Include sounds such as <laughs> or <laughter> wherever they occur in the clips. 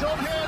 Don't here.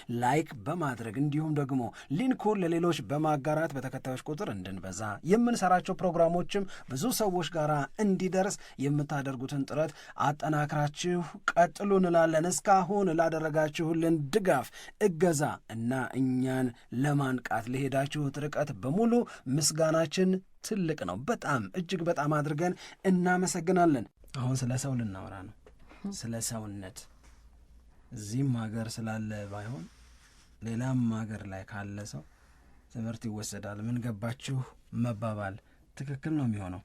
ላይክ በማድረግ እንዲሁም ደግሞ ሊንኩን ለሌሎች በማጋራት በተከታዮች ቁጥር እንድንበዛ የምንሰራቸው ፕሮግራሞችም ብዙ ሰዎች ጋር እንዲደርስ የምታደርጉትን ጥረት አጠናክራችሁ ቀጥሉ እንላለን። እስካሁን ላደረጋችሁልን ድጋፍ፣ እገዛ እና እኛን ለማንቃት ለሄዳችሁት ርቀት በሙሉ ምስጋናችን ትልቅ ነው። በጣም እጅግ በጣም አድርገን እናመሰግናለን። አሁን ስለ ሰው ልናወራ ነው፣ ስለ ሰውነት እዚህም ሀገር ስላለ ባይሆን ሌላም ሀገር ላይ ካለ ሰው ትምህርት ይወሰዳል። ምን ገባችሁ መባባል ትክክል ነው የሚሆነው።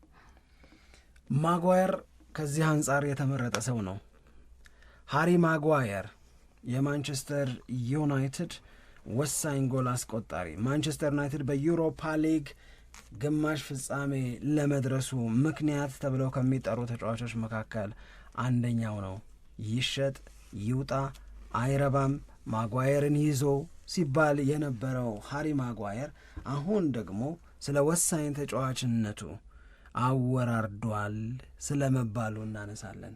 ማጓየር ከዚህ አንጻር የተመረጠ ሰው ነው። ሃሪ ማጓየር የማንቸስተር ዩናይትድ ወሳኝ ጎል አስቆጣሪ፣ ማንቸስተር ዩናይትድ በዩሮፓ ሊግ ግማሽ ፍጻሜ ለመድረሱ ምክንያት ተብለው ከሚጠሩ ተጫዋቾች መካከል አንደኛው ነው። ይሸጥ ይውጣ አይረባም፣ ማጓየርን ይዞ ሲባል የነበረው ሃሪ ማጓየር አሁን ደግሞ ስለ ወሳኝ ተጫዋችነቱ አወራርዷል ስለ መባሉ እናነሳለን።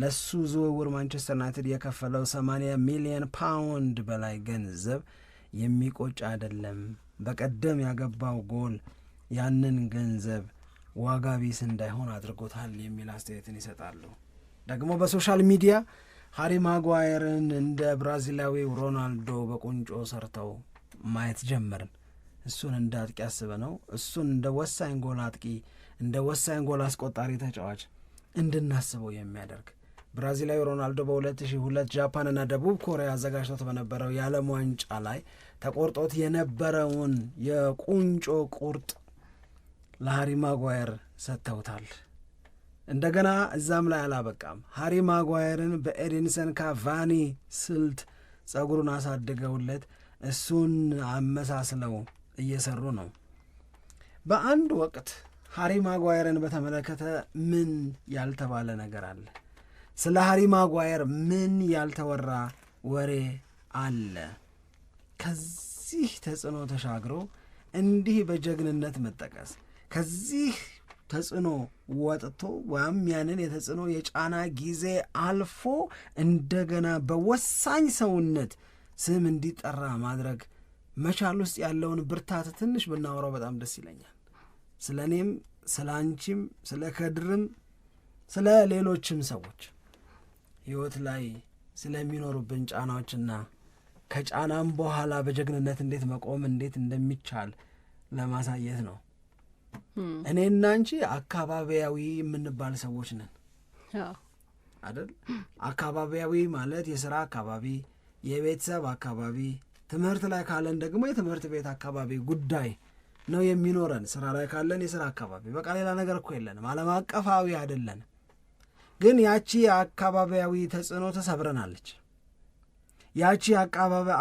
ለሱ ዝውውር ማንቸስተር ዩናይትድ የከፈለው 80 ሚሊዮን ፓውንድ በላይ ገንዘብ የሚቆጭ አይደለም። በቀደም ያገባው ጎል ያንን ገንዘብ ዋጋ ቢስ እንዳይሆን አድርጎታል የሚል አስተያየትን ይሰጣሉ። ደግሞ በሶሻል ሚዲያ ሃሪ ማጓየርን እንደ ብራዚላዊው ሮናልዶ በቁንጮ ሰርተው ማየት ጀመርን። እሱን እንደ አጥቂ አስበ ነው እሱን እንደ ወሳኝ ጎል አጥቂ እንደ ወሳኝ ጎል አስቆጣሪ ተጫዋች እንድናስበው የሚያደርግ ብራዚላዊ ሮናልዶ በ2002 ጃፓንና ደቡብ ኮሪያ አዘጋጅቶት በነበረው የዓለም ዋንጫ ላይ ተቆርጦት የነበረውን የቁንጮ ቁርጥ ለሃሪ ማጓየር ሰጥተውታል። እንደገና እዛም ላይ አላበቃም። ሃሪ ማጓየርን በኤዲንሰን ካቫኒ ስልት ጸጉሩን አሳድገውለት እሱን አመሳስለው እየሰሩ ነው። በአንድ ወቅት ሃሪ ማጓየርን በተመለከተ ምን ያልተባለ ነገር አለ? ስለ ሃሪ ማጓየር ምን ያልተወራ ወሬ አለ? ከዚህ ተጽዕኖ ተሻግሮ እንዲህ በጀግንነት መጠቀስ ከዚህ ተጽዕኖ ወጥቶ ወይም ያንን የተጽዕኖ የጫና ጊዜ አልፎ እንደገና በወሳኝ ሰውነት ስም እንዲጠራ ማድረግ መቻል ውስጥ ያለውን ብርታት ትንሽ ብናወራው በጣም ደስ ይለኛል። ስለ እኔም፣ ስለ አንቺም፣ ስለ ከድርም፣ ስለ ሌሎችም ሰዎች ህይወት ላይ ስለሚኖሩብን ጫናዎችና ከጫናም በኋላ በጀግንነት እንዴት መቆም እንዴት እንደሚቻል ለማሳየት ነው። እኔና አንቺ አካባቢያዊ የምንባል ሰዎች ነን አይደል? አካባቢያዊ ማለት የስራ አካባቢ፣ የቤተሰብ አካባቢ፣ ትምህርት ላይ ካለን ደግሞ የትምህርት ቤት አካባቢ ጉዳይ ነው የሚኖረን። ስራ ላይ ካለን የስራ አካባቢ፣ በቃ ሌላ ነገር እኮ የለንም። ዓለም አቀፋዊ አይደለን። ግን ያቺ አካባቢያዊ ተጽዕኖ ተሰብረናለች። ያቺ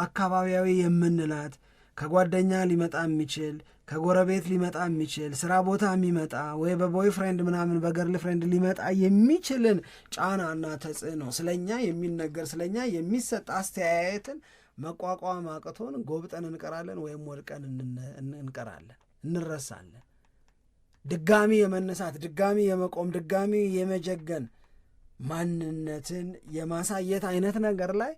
አካባቢያዊ የምንላት ከጓደኛ ሊመጣ የሚችል ከጎረቤት ሊመጣ የሚችል ስራ ቦታ የሚመጣ ወይ በቦይ ፍሬንድ ምናምን በገርል ፍሬንድ ሊመጣ የሚችልን ጫናና ተጽዕኖ ስለኛ የሚነገር ስለኛ የሚሰጥ አስተያየትን መቋቋም አቅቶን ጎብጠን እንቀራለን ወይም ወድቀን እንቀራለን፣ እንረሳለን። ድጋሚ የመነሳት ድጋሚ የመቆም ድጋሚ የመጀገን ማንነትን የማሳየት አይነት ነገር ላይ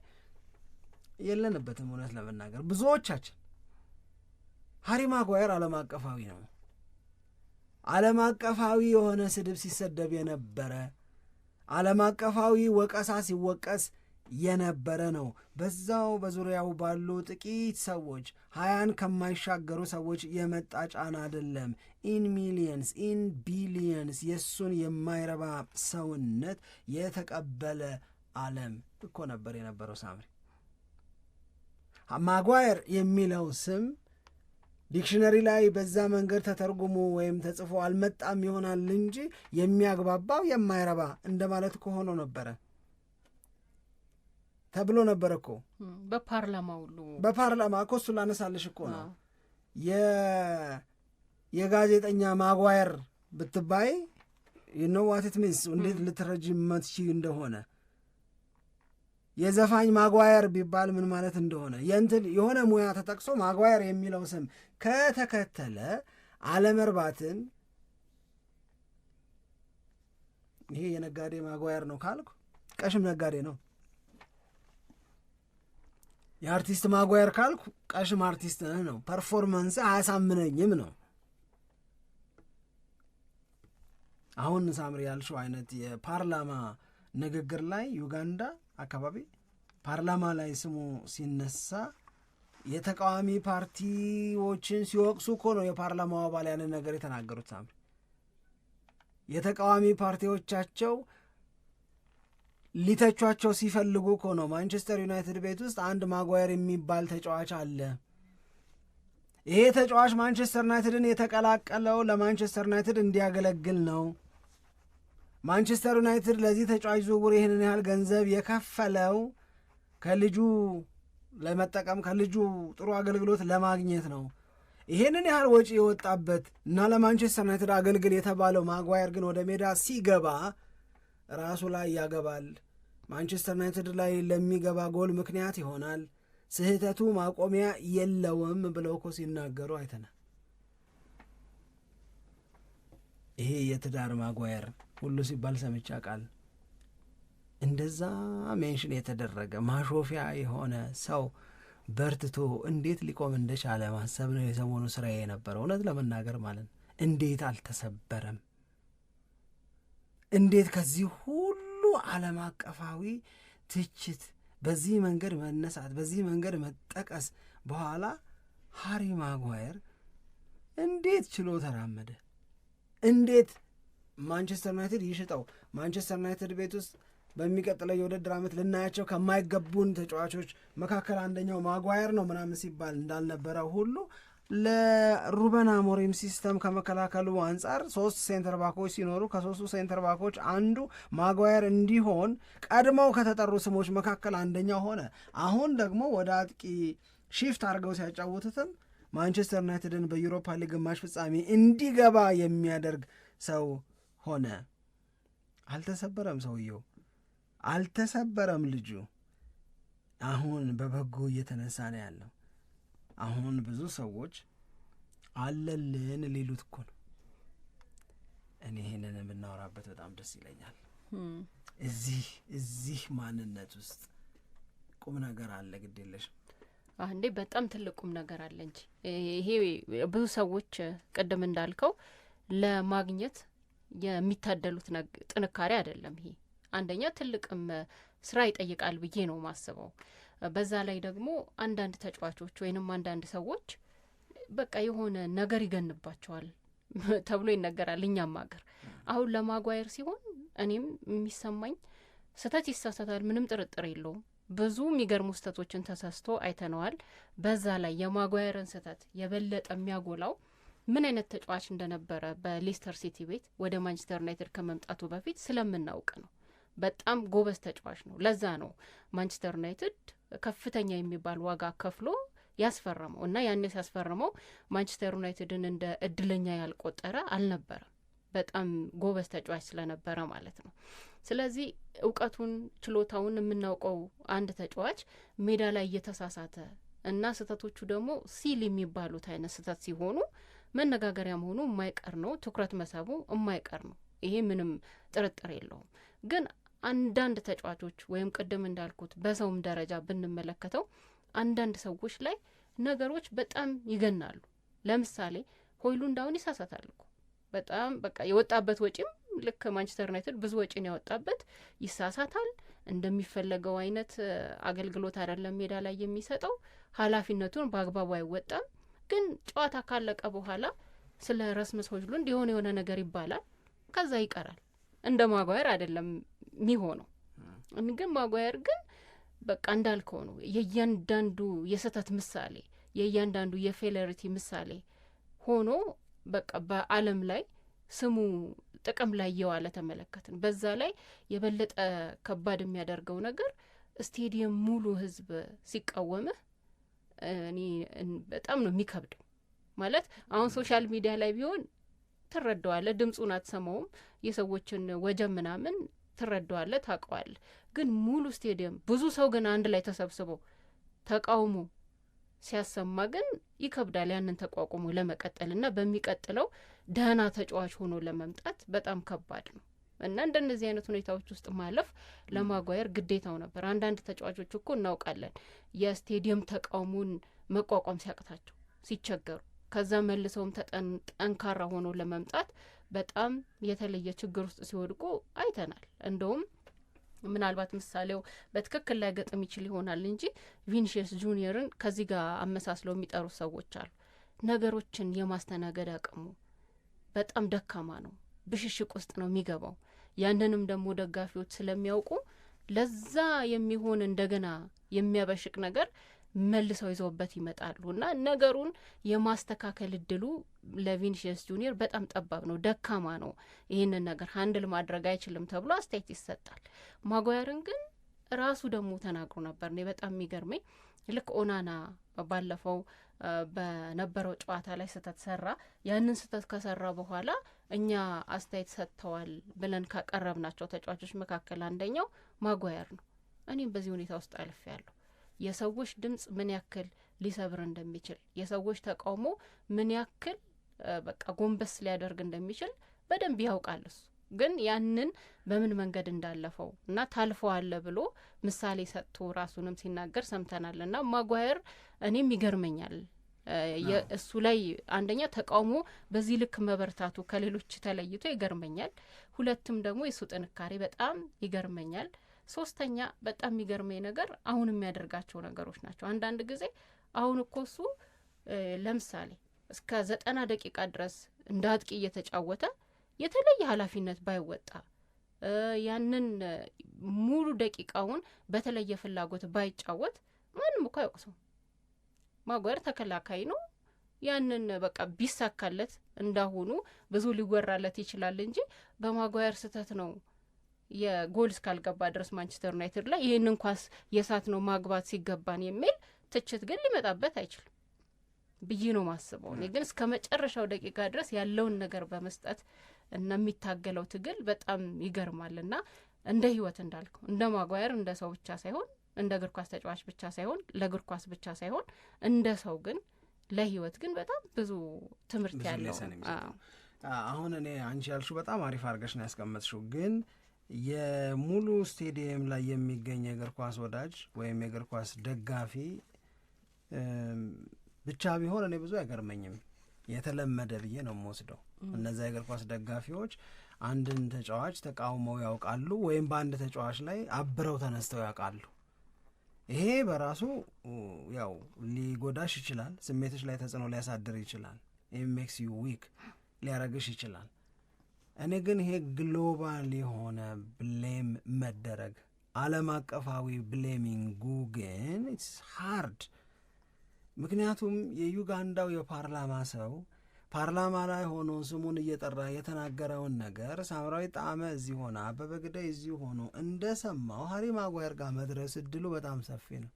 የለንበትም። እውነት ለመናገር ብዙዎቻችን ሀሪ ማጓየር ዓለም አቀፋዊ ነው። ዓለም አቀፋዊ የሆነ ስድብ ሲሰደብ የነበረ ዓለም አቀፋዊ ወቀሳ ሲወቀስ የነበረ ነው። በዛው በዙሪያው ባሉ ጥቂት ሰዎች ሀያን ከማይሻገሩ ሰዎች የመጣ ጫና አይደለም። ኢን ሚሊየንስ ኢን ቢሊየንስ የእሱን የማይረባ ሰውነት የተቀበለ ዓለም እኮ ነበር የነበረው። ሳምሪ ማጓየር የሚለው ስም ዲክሽነሪ ላይ በዛ መንገድ ተተርጉሞ ወይም ተጽፎ አልመጣም ይሆናል እንጂ የሚያግባባ የማይረባ እንደማለት ከሆኖ ነበረ ተብሎ ነበረ እኮ በፓርላማ ሁሉ በፓርላማ እኮ እሱ ላነሳልሽ እኮ ነው የጋዜጠኛ ማጓየር ብትባይ ዩኖ ዋት ኢት ሚንስ እንዴት ልትረጅመት ሺ እንደሆነ የዘፋኝ ማጓየር ቢባል ምን ማለት እንደሆነ የእንትን የሆነ ሙያ ተጠቅሶ ማጓየር የሚለው ስም ከተከተለ አለመርባትን ይሄ የነጋዴ ማጓየር ነው ካልኩ ቀሽም ነጋዴ ነው። የአርቲስት ማጓየር ካልኩ ቀሽም አርቲስት ነህ ነው። ፐርፎርማንስ አያሳምነኝም ነው። አሁን ሳምሪ ያልሽው አይነት የፓርላማ ንግግር ላይ ዩጋንዳ አካባቢ ፓርላማ ላይ ስሙ ሲነሳ የተቃዋሚ ፓርቲዎችን ሲወቅሱ እኮ ነው የፓርላማው አባል ያንን ነገር የተናገሩት። ሳም የተቃዋሚ ፓርቲዎቻቸው ሊተቿቸው ሲፈልጉ እኮ ነው። ማንቸስተር ዩናይትድ ቤት ውስጥ አንድ ማጓየር የሚባል ተጫዋች አለ። ይሄ ተጫዋች ማንቸስተር ዩናይትድን የተቀላቀለው ለማንቸስተር ዩናይትድ እንዲያገለግል ነው ማንቸስተር ዩናይትድ ለዚህ ተጫዋች ዝውውር ይህንን ያህል ገንዘብ የከፈለው ከልጁ ለመጠቀም ከልጁ ጥሩ አገልግሎት ለማግኘት ነው። ይህንን ያህል ወጪ የወጣበት እና ለማንቸስተር ዩናይትድ አገልግል የተባለው ማጓየር ግን ወደ ሜዳ ሲገባ ራሱ ላይ ያገባል። ማንቸስተር ዩናይትድ ላይ ለሚገባ ጎል ምክንያት ይሆናል። ስህተቱ ማቆሚያ የለውም ብለው እኮ ሲናገሩ አይተናል። ይሄ የትዳር ማጓየር ሁሉ ሲባል ሰምቻ ቃል እንደዛ ሜንሽን የተደረገ ማሾፊያ የሆነ ሰው በርትቶ እንዴት ሊቆም እንደቻለ ማሰብ ነው የሰሞኑ ስራ የነበረው። እውነት ለመናገር ማለት ነው እንዴት አልተሰበረም? እንዴት ከዚህ ሁሉ ዓለም አቀፋዊ ትችት በዚህ መንገድ መነሳት፣ በዚህ መንገድ መጠቀስ በኋላ ሃሪ ማጓየር እንዴት ችሎ ተራመደ? እንዴት ማንቸስተር ዩናይትድ ይሽጠው ማንቸስተር ዩናይትድ ቤት ውስጥ በሚቀጥለው የውድድር ዓመት ልናያቸው ከማይገቡን ተጫዋቾች መካከል አንደኛው ማጓየር ነው ምናምን ሲባል እንዳልነበረ ሁሉ ለሩበን አሞሪም ሲስተም ከመከላከሉ አንጻር ሶስት ሴንተር ባኮች ሲኖሩ ከሶስቱ ሴንተር ባኮች አንዱ ማጓየር እንዲሆን ቀድመው ከተጠሩ ስሞች መካከል አንደኛው ሆነ። አሁን ደግሞ ወደ አጥቂ ሺፍት አድርገው ሲያጫውቱትም ማንቸስተር ዩናይትድን በዩሮፓ ሊግ ግማሽ ፍጻሜ እንዲገባ የሚያደርግ ሰው ሆነ። አልተሰበረም፣ ሰውየው አልተሰበረም፣ ልጁ አሁን በበጎ እየተነሳ ነው ያለው። አሁን ብዙ ሰዎች አለልን ሊሉት እኮ ነው። እኔ ይህንን የምናወራበት በጣም ደስ ይለኛል። እዚህ እዚህ ማንነት ውስጥ ቁም ነገር አለ። ግድ የለሽ እንዴ? በጣም ትልቅ ቁም ነገር አለ እንጂ ይሄ ብዙ ሰዎች ቅድም እንዳልከው ለማግኘት የሚታደሉት ጥንካሬ አይደለም። ይሄ አንደኛ ትልቅም ስራ ይጠይቃል ብዬ ነው ማስበው። በዛ ላይ ደግሞ አንዳንድ ተጫዋቾች ወይንም አንዳንድ ሰዎች በቃ የሆነ ነገር ይገንባቸዋል <laughs> ተብሎ ይነገራል። እኛም ሀገር አሁን ለማጓየር ሲሆን እኔም የሚሰማኝ ስህተት ይሳሳታል፣ ምንም ጥርጥር የለውም። ብዙ የሚገርሙ ስህተቶችን ተሳስቶ አይተነዋል። በዛ ላይ የማጓየርን ስህተት የበለጠ የሚያጎላው ምን አይነት ተጫዋች እንደነበረ በሌስተር ሲቲ ቤት ወደ ማንቸስተር ዩናይትድ ከመምጣቱ በፊት ስለምናውቅ ነው። በጣም ጎበዝ ተጫዋች ነው። ለዛ ነው ማንቸስተር ዩናይትድ ከፍተኛ የሚባል ዋጋ ከፍሎ ያስፈረመው እና ያኔ ሲያስፈርመው ማንቸስተር ዩናይትድን እንደ እድለኛ ያልቆጠረ አልነበረም። በጣም ጎበዝ ተጫዋች ስለነበረ ማለት ነው። ስለዚህ እውቀቱን፣ ችሎታውን የምናውቀው አንድ ተጫዋች ሜዳ ላይ እየተሳሳተ እና ስህተቶቹ ደግሞ ሲል የሚባሉት አይነት ስህተት ሲሆኑ መነጋገሪያ መሆኑ የማይቀር ነው። ትኩረት መሰቡ የማይቀር ነው። ይሄ ምንም ጥርጥር የለውም። ግን አንዳንድ ተጫዋቾች ወይም ቅድም እንዳልኩት በሰውም ደረጃ ብንመለከተው አንዳንድ ሰዎች ላይ ነገሮች በጣም ይገናሉ። ለምሳሌ ሆይሉ እንዳሁን ይሳሳታል እኮ በጣም በቃ የወጣበት ወጪም ልክ ማንቸስተር ዩናይትድ ብዙ ወጪን ያወጣበት ይሳሳታል። እንደሚፈለገው አይነት አገልግሎት አይደለም ሜዳ ላይ የሚሰጠው። ኃላፊነቱን በአግባቡ አይወጣም። ግን ጨዋታ ካለቀ በኋላ ስለ ረስመስ ሆይሉንድ የሆነ የሆነ ነገር ይባላል፣ ከዛ ይቀራል። እንደ ማጓየር አይደለም የሚሆነው። ግን ማጓየር ግን በቃ እንዳልከው ነው። የእያንዳንዱ የስህተት ምሳሌ፣ የእያንዳንዱ የፌለሪቲ ምሳሌ ሆኖ በቃ በዓለም ላይ ስሙ ጥቅም ላይ የዋለ ተመለከትን። በዛ ላይ የበለጠ ከባድ የሚያደርገው ነገር ስቴዲየም ሙሉ ህዝብ ሲቃወምህ እኔ በጣም ነው የሚከብደው። ማለት አሁን ሶሻል ሚዲያ ላይ ቢሆን ትረዳዋለህ፣ ድምፁን አትሰማውም፣ የሰዎችን ወጀብ ምናምን ትረዳዋለህ፣ ታውቀዋለህ። ግን ሙሉ ስቴዲየም ብዙ ሰው ግን አንድ ላይ ተሰብስበው ተቃውሞ ሲያሰማ ግን ይከብዳል። ያንን ተቋቁሞ ለመቀጠል እና በሚቀጥለው ደህና ተጫዋች ሆኖ ለመምጣት በጣም ከባድ ነው። እና እንደነዚህ አይነት ሁኔታዎች ውስጥ ማለፍ ለማጓየር ግዴታው ነበር። አንዳንድ ተጫዋቾች እኮ እናውቃለን የስቴዲየም ተቃውሞን መቋቋም ሲያቅታቸው ሲቸገሩ ከዛ መልሰውም ጠንካራ ሆኖ ለመምጣት በጣም የተለየ ችግር ውስጥ ሲወድቁ አይተናል። እንደውም ምናልባት ምሳሌው በትክክል ላይ ገጥም ይችል ይሆናል እንጂ ቪኒሽስ ጁኒየርን ከዚህ ጋር አመሳስለው የሚጠሩ ሰዎች አሉ። ነገሮችን የማስተናገድ አቅሙ በጣም ደካማ ነው። ብሽሽቅ ውስጥ ነው የሚገባው። ያንንም ደግሞ ደጋፊዎች ስለሚያውቁ ለዛ የሚሆን እንደገና የሚያበሽቅ ነገር መልሰው ይዘውበት ይመጣሉ እና ነገሩን የማስተካከል እድሉ ለቪኒሽየስ ጁኒየር በጣም ጠባብ ነው፣ ደካማ ነው። ይህንን ነገር ሀንድል ማድረግ አይችልም ተብሎ አስተያየት ይሰጣል። ማጓያርን ግን ራሱ ደግሞ ተናግሮ ነበር። እኔ በጣም የሚገርመኝ ልክ ኦናና ባለፈው በነበረው ጨዋታ ላይ ስህተት ሰራ። ያንን ስህተት ከሰራ በኋላ እኛ አስተያየት ሰጥተዋል ብለን ካቀረብናቸው ተጫዋቾች መካከል አንደኛው ማጓየር ነው። እኔም በዚህ ሁኔታ ውስጥ አልፍ ያለሁ የሰዎች ድምጽ ምን ያክል ሊሰብር እንደሚችል የሰዎች ተቃውሞ ምን ያክል በቃ ጎንበስ ሊያደርግ እንደሚችል በደንብ ያውቃል እሱ ግን ያንን በምን መንገድ እንዳለፈው እና ታልፈዋለ ብሎ ምሳሌ ሰጥቶ ራሱንም ሲናገር ሰምተናል። እና ማጓየር እኔም ይገርመኛል እሱ ላይ አንደኛ ተቃውሞ በዚህ ልክ መበርታቱ ከሌሎች ተለይቶ ይገርመኛል። ሁለትም ደግሞ የሱ ጥንካሬ በጣም ይገርመኛል። ሶስተኛ በጣም የሚገርመኝ ነገር አሁን የሚያደርጋቸው ነገሮች ናቸው። አንዳንድ ጊዜ አሁን እኮ እሱ ለምሳሌ እስከ ዘጠና ደቂቃ ድረስ እንደ አጥቂ እየተጫወተ የተለየ ኃላፊነት ባይወጣ ያንን ሙሉ ደቂቃውን በተለየ ፍላጎት ባይጫወት ማንም እኮ አይወቅሰው። ማጓየር ተከላካይ ነው። ያንን በቃ ቢሳካለት እንዳሁኑ ብዙ ሊወራለት ይችላል እንጂ በማጓየር ስህተት ነው የጎል እስካልገባ ድረስ ማንቸስተር ዩናይትድ ላይ ይህንን ኳስ የሳት ነው ማግባት ሲገባን የሚል ትችት ግን ሊመጣበት አይችልም ብዬ ነው ማስበው። እኔ ግን እስከ መጨረሻው ደቂቃ ድረስ ያለውን ነገር በመስጠት እና የሚታገለው ትግል በጣም ይገርማል እና እንደ ህይወት እንዳልከው እንደ ማጓየር እንደ ሰው ብቻ ሳይሆን እንደ እግር ኳስ ተጫዋች ብቻ ሳይሆን ለእግር ኳስ ብቻ ሳይሆን እንደ ሰው ግን ለህይወት ግን በጣም ብዙ ትምህርት ያለው አሁን እኔ አንቺ ያልሹ በጣም አሪፍ አድርገሽ ነው ያስቀመጥሽው ግን የሙሉ ስቴዲየም ላይ የሚገኝ የእግር ኳስ ወዳጅ ወይም የእግር ኳስ ደጋፊ ብቻ ቢሆን እኔ ብዙ አይገርመኝም። የተለመደ ብዬ ነው የምወስደው። እነዚ የእግር ኳስ ደጋፊዎች አንድን ተጫዋች ተቃውመው ያውቃሉ ወይም በአንድ ተጫዋች ላይ አብረው ተነስተው ያውቃሉ። ይሄ በራሱ ያው ሊጎዳሽ ይችላል፣ ስሜቶች ላይ ተጽዕኖ ሊያሳድር ይችላል፣ ሜክስ ዩ ዊክ ሊያረግሽ ይችላል። እኔ ግን ይሄ ግሎባል የሆነ ብሌም መደረግ ዓለም አቀፋዊ ብሌሚንጉ ግን ኢትስ ሃርድ ምክንያቱም የዩጋንዳው የፓርላማ ሰው ፓርላማ ላይ ሆኖ ስሙን እየጠራ የተናገረውን ነገር ሳምራዊ ጣመ እዚህ ሆነ፣ አበበ ግዳይ እዚህ ሆኖ እንደሰማው ሀሪ ማጓየር ጋር መድረስ እድሉ በጣም ሰፊ ነው።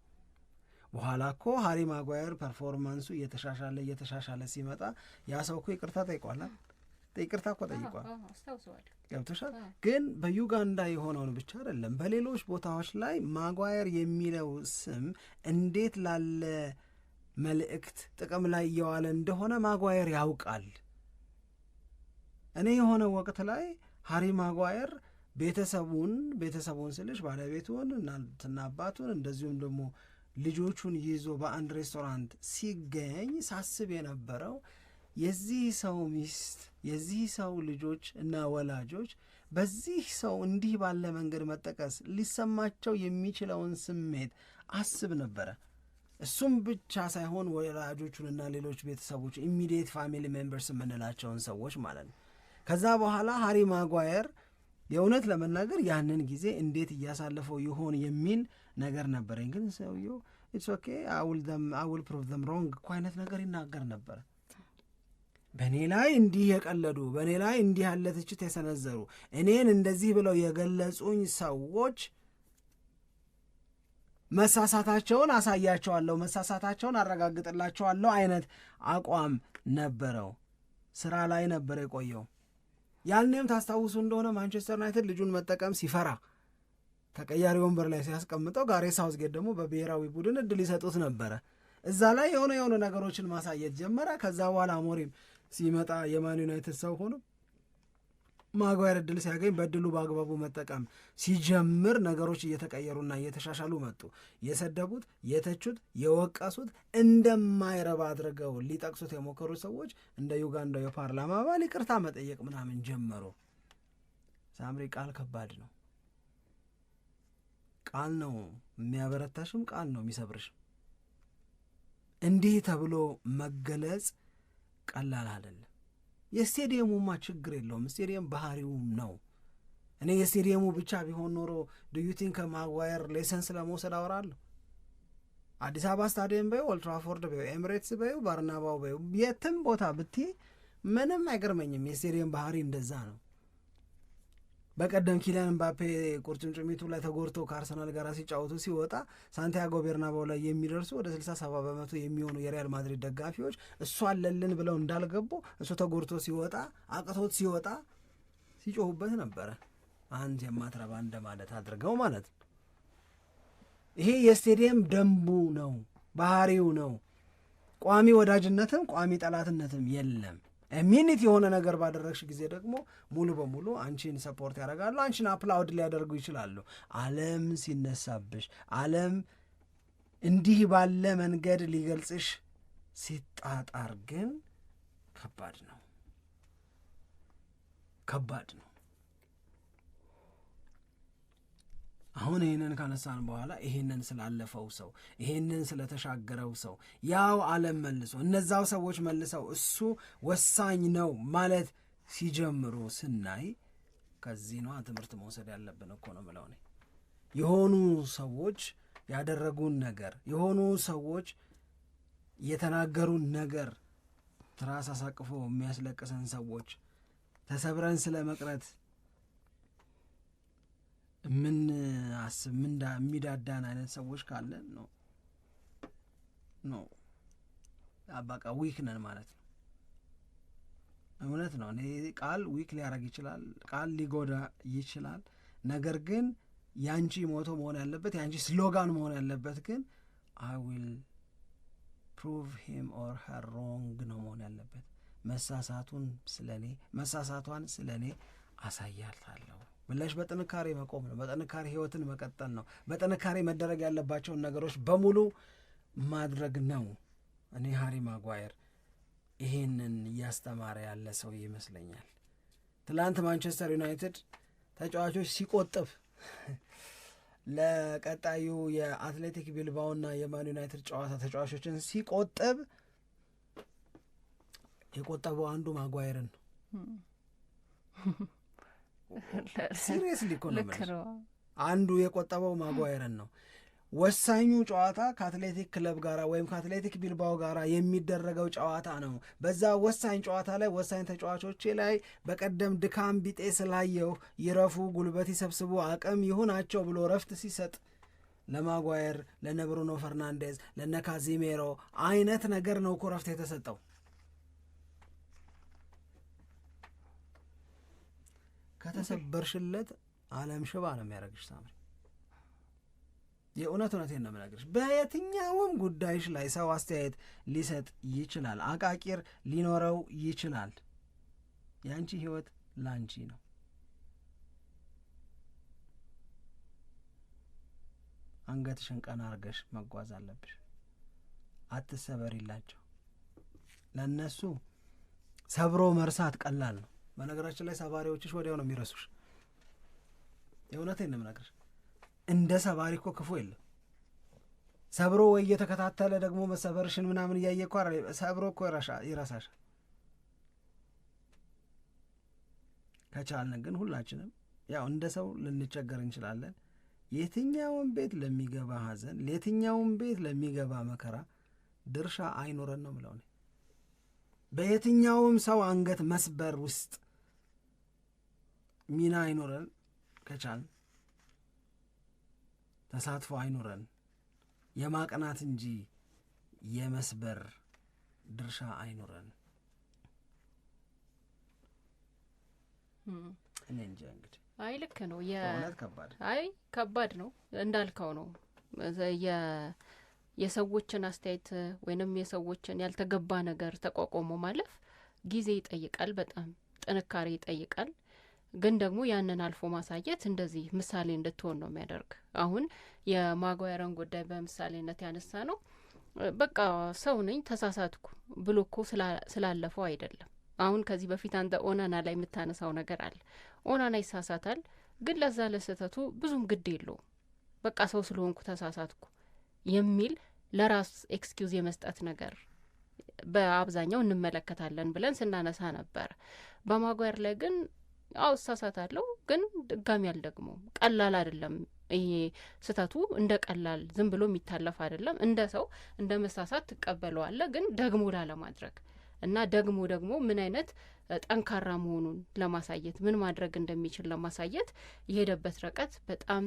በኋላ እኮ ሀሪ ማጓየር ፐርፎርማንሱ እየተሻሻለ እየተሻሻለ ሲመጣ ያ ሰው እኮ ይቅርታ ጠይቋላል። ይቅርታ እኮ ጠይቋል። ገብቶሻል። ግን በዩጋንዳ የሆነውን ብቻ አይደለም፣ በሌሎች ቦታዎች ላይ ማጓየር የሚለው ስም እንዴት ላለ መልእክት ጥቅም ላይ እየዋለ እንደሆነ ማጓየር ያውቃል። እኔ የሆነ ወቅት ላይ ሀሪ ማጓየር ቤተሰቡን ቤተሰቡን ስልሽ ባለቤቱን፣ እናትና አባቱን እንደዚሁም ደግሞ ልጆቹን ይዞ በአንድ ሬስቶራንት ሲገኝ ሳስብ የነበረው የዚህ ሰው ሚስት የዚህ ሰው ልጆች እና ወላጆች በዚህ ሰው እንዲህ ባለ መንገድ መጠቀስ ሊሰማቸው የሚችለውን ስሜት አስብ ነበረ። እሱም ብቻ ሳይሆን ወላጆቹንና ሌሎች ቤተሰቦች ኢሚዲየት ፋሚሊ ሜምበርስ የምንላቸውን ሰዎች ማለት ነው። ከዛ በኋላ ሀሪ ማጓየር የእውነት ለመናገር ያንን ጊዜ እንዴት እያሳለፈው ይሆን የሚል ነገር ነበረኝ። ግን ሰውየው ኢትስ ኦኬ አውል ዘም ሮንግ እኮ አይነት ነገር ይናገር ነበር። በእኔ ላይ እንዲህ የቀለዱ፣ በእኔ ላይ እንዲህ ያለ ትችት የሰነዘሩ፣ እኔን እንደዚህ ብለው የገለጹኝ ሰዎች መሳሳታቸውን አሳያቸዋለሁ፣ መሳሳታቸውን አረጋግጥላቸዋለሁ አይነት አቋም ነበረው። ስራ ላይ ነበር የቆየው። ያንንም ታስታውሱ እንደሆነ ማንቸስተር ዩናይትድ ልጁን መጠቀም ሲፈራ ተቀያሪ ወንበር ላይ ሲያስቀምጠው፣ ጋሬ ሳውዝጌት ደግሞ በብሔራዊ ቡድን እድል ይሰጡት ነበረ። እዛ ላይ የሆነ የሆነ ነገሮችን ማሳየት ጀመረ። ከዛ በኋላ አሞሪም ሲመጣ የማን ዩናይትድ ሰው ሆኖ ማግባር እድል ሲያገኝ በእድሉ በአግባቡ መጠቀም ሲጀምር ነገሮች እየተቀየሩና እየተሻሻሉ መጡ። የሰደቡት፣ የተቹት፣ የወቀሱት እንደማይረባ አድርገው ሊጠቅሱት የሞከሩ ሰዎች እንደ ዩጋንዳው የፓርላማ አባል ይቅርታ መጠየቅ ምናምን ጀመሩ። ሳምሪ ቃል ከባድ ነው። ቃል ነው የሚያበረታሽም፣ ቃል ነው የሚሰብርሽም። እንዲህ ተብሎ መገለጽ ቀላል አይደለም። የስቴዲየሙማ ችግር የለውም። ስቴዲየም ባህሪውም ነው። እኔ የስቴዲየሙ ብቻ ቢሆን ኖሮ ዱዩቲን ከማጓየር ሌሰንስ ለመውሰድ አወራለሁ። አዲስ አበባ ስታዲየም በዩ፣ ኦልትራፎርድ በዩ፣ ኤምሬትስ በዩ፣ ባርናባው በዩ፣ የትም ቦታ ብትይ ምንም አይገርመኝም። የስቴዲየም ባህሪ እንደዛ ነው። በቀደም ኪሊያን ምባፔ ቁርጭምጭሚቱ ላይ ተጎድቶ ከአርሰናል ጋር ሲጫወቱ ሲወጣ ሳንቲያጎ ቤርናባው ላይ የሚደርሱ ወደ ሰባ በመቶ የሚሆኑ የሪያል ማድሪድ ደጋፊዎች እሱ አለልን ብለው እንዳልገቡ እሱ ተጎድቶ ሲወጣ አቅቶት ሲወጣ ሲጮሁበት ነበረ። አንድ የማትረባ እንደማለት አድርገው ማለት ነው። ይሄ የስቴዲየም ደንቡ ነው፣ ባህሪው ነው። ቋሚ ወዳጅነትም ቋሚ ጠላትነትም የለም። ሚኒት የሆነ ነገር ባደረግሽ ጊዜ ደግሞ ሙሉ በሙሉ አንቺን ሰፖርት ያደርጋሉ፣ አንቺን አፕላውድ ሊያደርጉ ይችላሉ። ዓለም ሲነሳብሽ፣ ዓለም እንዲህ ባለ መንገድ ሊገልጽሽ ሲጣጣር ግን ከባድ ነው፣ ከባድ ነው። አሁን ይህንን ካነሳን በኋላ ይህንን ስላለፈው ሰው ይህንን ስለተሻገረው ሰው ያው ዓለም መልሶ እነዛው ሰዎች መልሰው እሱ ወሳኝ ነው ማለት ሲጀምሩ ስናይ ከዚህ ነዋ ትምህርት መውሰድ ያለብን እኮ ነው ብለው የሆኑ ሰዎች ያደረጉን ነገር የሆኑ ሰዎች የተናገሩን ነገር ትራስ አሳቅፎ የሚያስለቅሰን ሰዎች ተሰብረን ስለ መቅረት ምን አስብ ምን የሚዳዳን አይነት ሰዎች ካለን ነው ኖ ዊክ ነን ማለት ነው። እውነት ነው። እኔ ቃል ዊክ ሊያደርግ ይችላል፣ ቃል ሊጎዳ ይችላል። ነገር ግን የአንቺ ሞቶ መሆን ያለበት የአንቺ ስሎጋን መሆን ያለበት ግን አይ ዊል ፕሩቭ ሂም ኦር ሄር ሮንግ ነው መሆን ያለበት። መሳሳቱን ስለ እኔ መሳሳቷን ስለ እኔ አሳያታለሁ ምላሽ በጥንካሬ መቆም ነው። በጥንካሬ ህይወትን መቀጠል ነው። በጥንካሬ መደረግ ያለባቸውን ነገሮች በሙሉ ማድረግ ነው። እኔ ሀሪ ማጓየር ይሄንን እያስተማረ ያለ ሰው ይመስለኛል። ትላንት ማንቸስተር ዩናይትድ ተጫዋቾች ሲቆጥብ <laughs> ለቀጣዩ የአትሌቲክ ቢልባውና የማን ዩናይትድ ጨዋታ ተጫዋቾችን ሲቆጥብ የቆጠበው አንዱ ማጓየርን ነው። <laughs> ሲሪየስሊ <laughs> እኮ ነው። አንዱ የቆጠበው ማጓየርን ነው። ወሳኙ ጨዋታ ከአትሌቲክ ክለብ ጋር ወይም ከአትሌቲክ ቢልባው ጋር የሚደረገው ጨዋታ ነው። በዛ ወሳኝ ጨዋታ ላይ ወሳኝ ተጫዋቾቼ ላይ በቀደም ድካም ቢጤ ስላየሁ ይረፉ፣ ጉልበት ይሰብስቡ፣ አቅም ይሁናቸው ብሎ ረፍት ሲሰጥ ለማጓየር ለነብሩኖ ፈርናንዴዝ ለነ ካዚሜሮ አይነት ነገር ነው እኮ ረፍት የተሰጠው። ከተሰበርሽለት አለም ሽባ ነው የሚያደርግሽ ሳምሪ። የእውነት እውነቴን ነው የምነግርሽ። በየትኛውም ጉዳይሽ ላይ ሰው አስተያየት ሊሰጥ ይችላል፣ አቃቂር ሊኖረው ይችላል። የአንቺ ህይወት ላንቺ ነው። አንገትሽን ቀና አርገሽ መጓዝ አለብሽ። አትሰበሪላቸው። ለእነሱ ሰብሮ መርሳት ቀላል ነው። በነገራችን ላይ ሰባሪዎችሽ ወዲያው ነው የሚረሱሽ። የእውነቴን ነው የምነግርሽ። እንደ ሰባሪ እኮ ክፉ የለም። ሰብሮ ወይ እየተከታተለ ደግሞ መሰበርሽን ምናምን እያየ እኮ ሰብሮ እኮ ይረሳሻል። ከቻልን ግን ሁላችንም ያው እንደ ሰው ልንቸገር እንችላለን። የትኛውን ቤት ለሚገባ ሐዘን፣ ለየትኛውን ቤት ለሚገባ መከራ ድርሻ አይኖረን ነው ምለው። በየትኛውም ሰው አንገት መስበር ውስጥ ሚና አይኖረን ከቻል ተሳትፎ አይኖረን የማቅናት እንጂ የመስበር ድርሻ አይኖረን። እኔ እንጃ እንግዲህ አይ ልክ ነው። አይ ከባድ ነው እንዳልከው ነው። የሰዎችን አስተያየት ወይንም የሰዎችን ያልተገባ ነገር ተቋቁሞ ማለፍ ጊዜ ይጠይቃል፣ በጣም ጥንካሬ ይጠይቃል። ግን ደግሞ ያንን አልፎ ማሳየት እንደዚህ ምሳሌ እንድትሆን ነው የሚያደርግ። አሁን የማጓየርን ጉዳይ በምሳሌነት ያነሳ ነው። በቃ ሰው ነኝ ተሳሳትኩ ብሎ እኮ ስላለፈው አይደለም። አሁን ከዚህ በፊት አንተ ኦናና ላይ የምታነሳው ነገር አለ። ኦናና ይሳሳታል፣ ግን ለዛ ለስህተቱ ብዙም ግድ የለውም። በቃ ሰው ስለሆንኩ ተሳሳትኩ የሚል ለራስ ኤክስኪውዝ የመስጠት ነገር በአብዛኛው እንመለከታለን ብለን ስናነሳ ነበረ። በማጓየር ላይ ግን ሳሳት እሳሳታለሁ፣ ግን ድጋሚ አልደግመውም። ቀላል አይደለም ይሄ ስህተቱ እንደ ቀላል ዝም ብሎ የሚታለፍ አይደለም። እንደ ሰው እንደ መሳሳት ትቀበለዋለህ፣ ግን ደግሞ ላለማድረግ እና ደግሞ ደግሞ ምን አይነት ጠንካራ መሆኑን ለማሳየት ምን ማድረግ እንደሚችል ለማሳየት የሄደበት ርቀት በጣም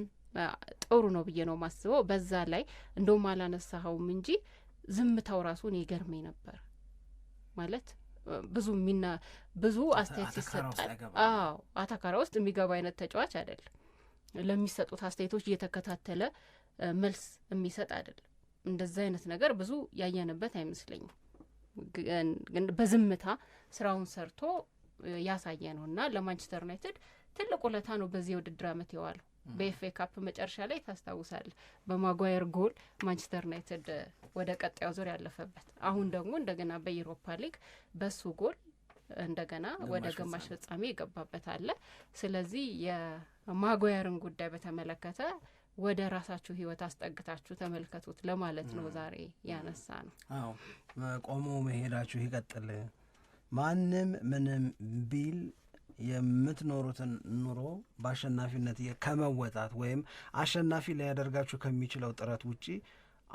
ጥሩ ነው ብዬ ነው ማስበው። በዛ ላይ እንደውም አላነሳኸውም እንጂ ዝምታው ራሱን ይገርመኝ ነበር ማለት ብዙ ሚና ብዙ አስተያየት ይሰጣል። አዎ አታካራ ውስጥ የሚገባ አይነት ተጫዋች አይደለም። ለሚሰጡት አስተያየቶች እየተከታተለ መልስ የሚሰጥ አይደለም። እንደዛ አይነት ነገር ብዙ ያየንበት አይመስለኝም። ግን በዝምታ ስራውን ሰርቶ ያሳየ ነው እና ለማንቸስተር ዩናይትድ ትልቅ ውለታ ነው በዚህ የውድድር አመት የዋለው። በኤፍኤ ካፕ መጨረሻ ላይ ታስታውሳለ በማጓየር ጎል ማንቸስተር ዩናይትድ ወደ ቀጣዩ ዙር ያለፈበት፣ አሁን ደግሞ እንደገና በኢሮፓ ሊግ በሱ ጎል እንደገና ወደ ግማሽ ፍጻሜ የገባበት አለ። ስለዚህ የማጓየርን ጉዳይ በተመለከተ ወደ ራሳችሁ ህይወት አስጠግታችሁ ተመልከቱት ለማለት ነው ዛሬ ያነሳ ነው። አዎ ቆሞ መሄዳችሁ ይቀጥል ማንም ምንም ቢል የምትኖሩትን ኑሮ በአሸናፊነት ከመወጣት ወይም አሸናፊ ሊያደርጋችሁ ከሚችለው ጥረት ውጪ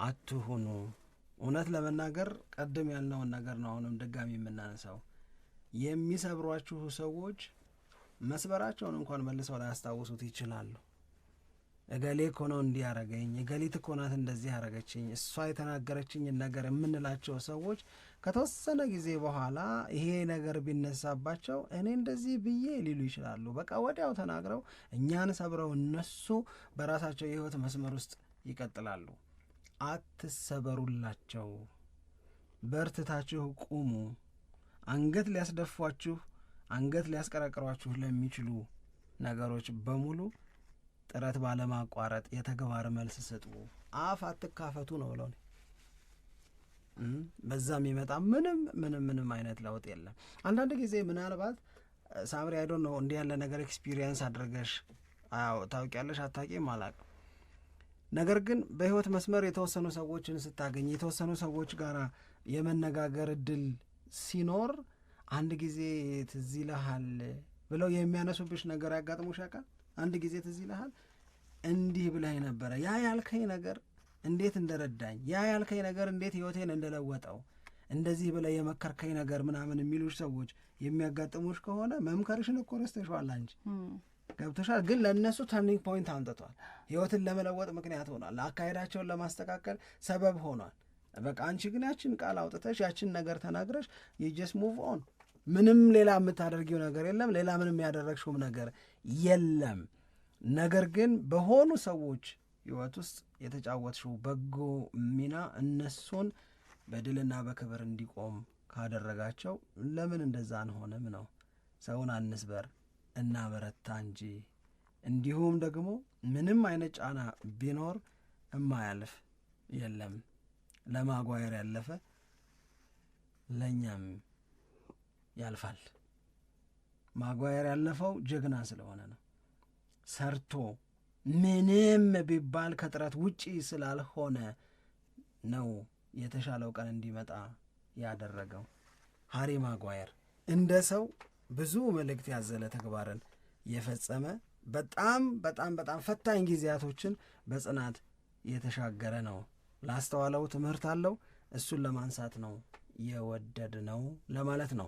አትሁኑ። እውነት ለመናገር ቀድም ያልነውን ነገር ነው አሁንም ድጋሚ የምናነሳው። የሚሰብሯችሁ ሰዎች መስበራቸውን እንኳን መልሰው ላያስታውሱት ይችላሉ። እገሌ እኮ ነው እንዲህ ያረገኝ፣ እገሊት እኮ ናት እንደዚህ ያረገችኝ፣ እሷ የተናገረችኝን ነገር የምንላቸው ሰዎች ከተወሰነ ጊዜ በኋላ ይሄ ነገር ቢነሳባቸው እኔ እንደዚህ ብዬ ሊሉ ይችላሉ። በቃ ወዲያው ተናግረው እኛን ሰብረው እነሱ በራሳቸው የህይወት መስመር ውስጥ ይቀጥላሉ። አትሰበሩላቸው፣ በርትታችሁ ቁሙ። አንገት ሊያስደፏችሁ፣ አንገት ሊያስቀረቅሯችሁ ለሚችሉ ነገሮች በሙሉ ጥረት ባለማቋረጥ የተግባር መልስ ስጡ፣ አፍ አትካፈቱ ነው ብለው በዛ የሚመጣ ምንም ምንም ምንም አይነት ለውጥ የለም። አንዳንድ ጊዜ ምናልባት ሳብሪ አይዶ ነው እንዲህ ያለ ነገር ኤክስፒሪየንስ አድርገሽ ታውቂያለሽ? አታውቂም? አላውቅም። ነገር ግን በህይወት መስመር የተወሰኑ ሰዎችን ስታገኝ የተወሰኑ ሰዎች ጋር የመነጋገር እድል ሲኖር አንድ ጊዜ ትዝ ይልሃል ብለው የሚያነሱብሽ ነገር ያጋጥሞሽ ያውቃል? አንድ ጊዜ ትዝ ይልሃል እንዲህ ብለህ ነበረ ያ ያልከኝ ነገር እንዴት እንደረዳኝ ያ ያልከኝ ነገር እንዴት ህይወቴን እንደለወጠው እንደዚህ ብለህ የመከርከኝ ነገር ምናምን የሚሉሽ ሰዎች የሚያጋጥሙሽ ከሆነ መምከርሽን እኮ ረስተሽዋል እንጂ ገብቶሻል ግን ለእነሱ ተርኒንግ ፖይንት አምጥቷል ህይወትን ለመለወጥ ምክንያት ሆኗል አካሄዳቸውን ለማስተካከል ሰበብ ሆኗል በቃ አንቺ ግን ያችን ቃል አውጥተሽ ያችን ነገር ተናግረሽ የጀስ ሙቭ ኦን ምንም ሌላ የምታደርጊው ነገር የለም ሌላ ምንም ያደረግሽውም ነገር የለም። ነገር ግን በሆኑ ሰዎች ህይወት ውስጥ የተጫወትሽው በጎ ሚና እነሱን በድልና በክብር እንዲቆም ካደረጋቸው ለምን እንደዛ አንሆንም ነው። ሰውን አንስበር፣ እናበረታ እንጂ። እንዲሁም ደግሞ ምንም አይነት ጫና ቢኖር እማያልፍ የለም ለማጓየር ያለፈ ለእኛም ያልፋል። ማጓየር ያለፈው ጀግና ስለሆነ ነው። ሰርቶ ምንም ቢባል ከጥረት ውጪ ስላልሆነ ነው የተሻለው ቀን እንዲመጣ ያደረገው። ሀሪ ማጓየር እንደ ሰው ብዙ መልእክት ያዘለ ተግባርን የፈጸመ በጣም በጣም በጣም ፈታኝ ጊዜያቶችን በጽናት የተሻገረ ነው። ላስተዋለው ትምህርት አለው። እሱን ለማንሳት ነው የወደድ ነው ለማለት ነው።